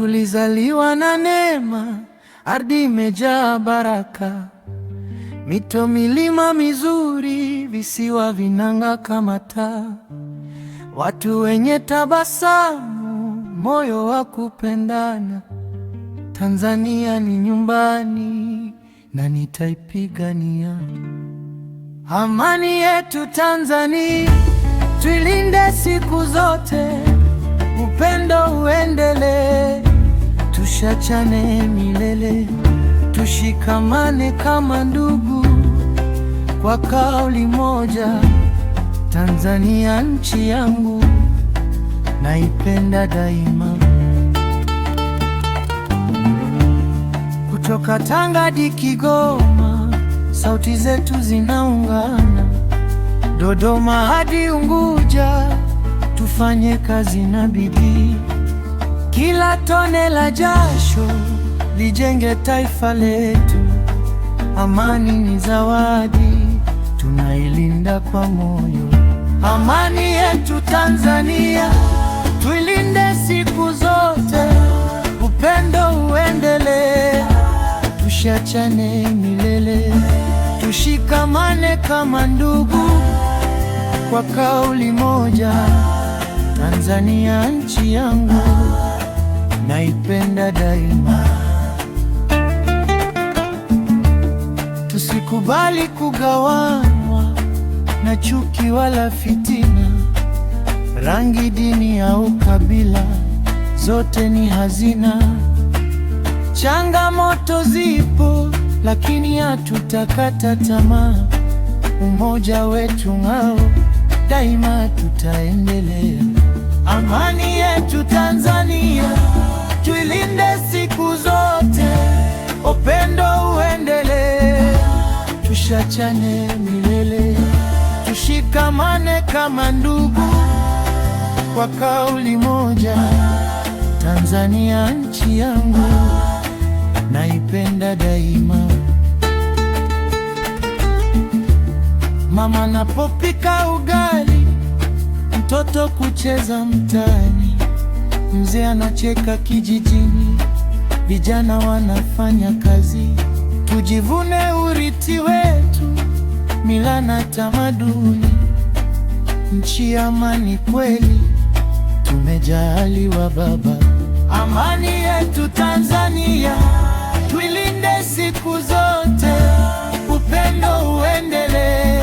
Tulizaliwa na neema, ardhi imejaa baraka, mito, milima mizuri, visiwa vinang'aa kama taa, watu wenye tabasamu, moyo wa kupendana. Tanzania ni nyumbani na nitaipigania. Amani yetu Tanzania tuilinde siku zote, upendo uendelee tusiachane milele, tushikamane kama ndugu kwa kauli moja. Tanzania nchi yangu naipenda daima, kutoka Tanga hadi Kigoma, sauti zetu zinaungana, Dodoma hadi Unguja, tufanye kazi na bidii. Kila tone la jasho lijenge taifa letu. Amani ni zawadi, tunailinda kwa moyo. Amani yetu Tanzania tuilinde siku zote, upendo uendelee, tushachane milele, tushikamane kama ndugu kwa kauli moja, Tanzania nchi yangu naipenda daima. Tusikubali kugawanwa na chuki wala fitina, rangi, dini au kabila, zote ni hazina. Changamoto zipo, lakini hatutakata tamaa. Umoja wetu ng'ao daima, tutaendelea. Amani yetu Tanzania tuilinde siku zote, upendo uendelee, tushachane milele, tushikamane kama ndugu kwa kauli moja, Tanzania nchi yangu naipenda daima. Mama napopika ugali, mtoto kucheza mtaani Mzee anacheka kijijini, vijana wanafanya kazi. Tujivune urithi wetu, mila na tamaduni. Nchi ya amani kweli, tumejaliwa baba. Amani yetu Tanzania tuilinde siku zote, upendo uendelee,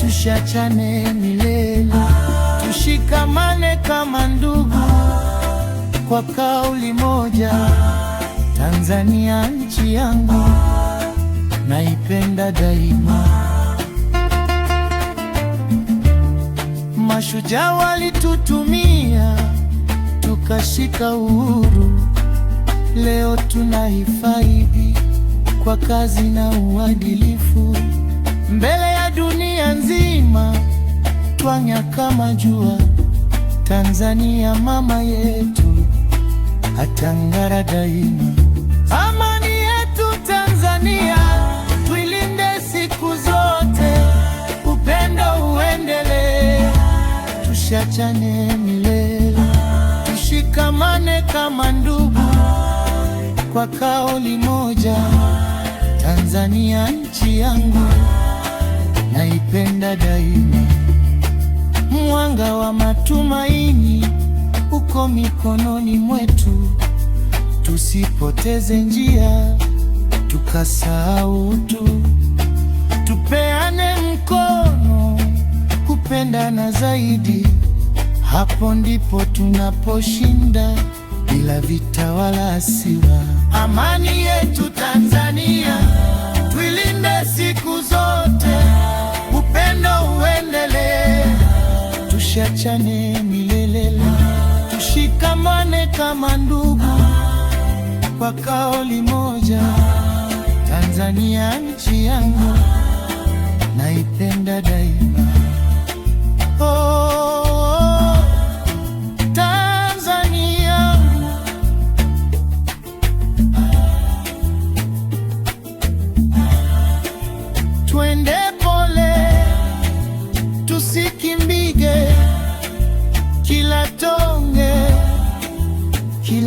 tushachane milele. kwa kauli moja, Tanzania nchi yangu naipenda daima. Mashujaa walitutumia tukashika uhuru, leo tunahifadhi kwa kazi na uadilifu mbele ya dunia nzima, twang'aa kama jua, Tanzania mama yetu atang'ara daima. Amani yetu Tanzania tuilinde siku zote, upendo uendelee, tushachane milele, tushikamane kama ndugu kwa kauli moja. Tanzania nchi yangu naipenda daima, mwanga wa matumaini yako mikononi mwetu, tusipoteze njia tukasahau utu. Tupeane mkono kupendana zaidi, hapo ndipo tunaposhinda bila vita wala hasira. Amani yetu Tanzania tuilinde siku zote, upendo uendelee, tushachane tupambane kama ndugu kwa kauli moja. Tanzania nchi yangu naipenda daima, oh.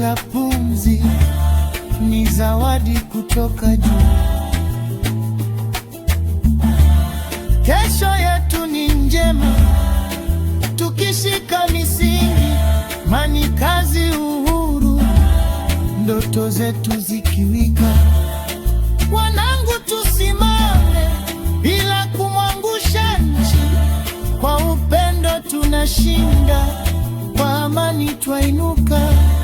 Kila pumzi ni zawadi kutoka juu. Kesho yetu ni njema tukishika misingi, mani, kazi, uhuru, ndoto zetu zikiwika. Wanangu, tusimame bila kumwangusha nchi, kwa upendo tunashinda, kwa amani twainuka.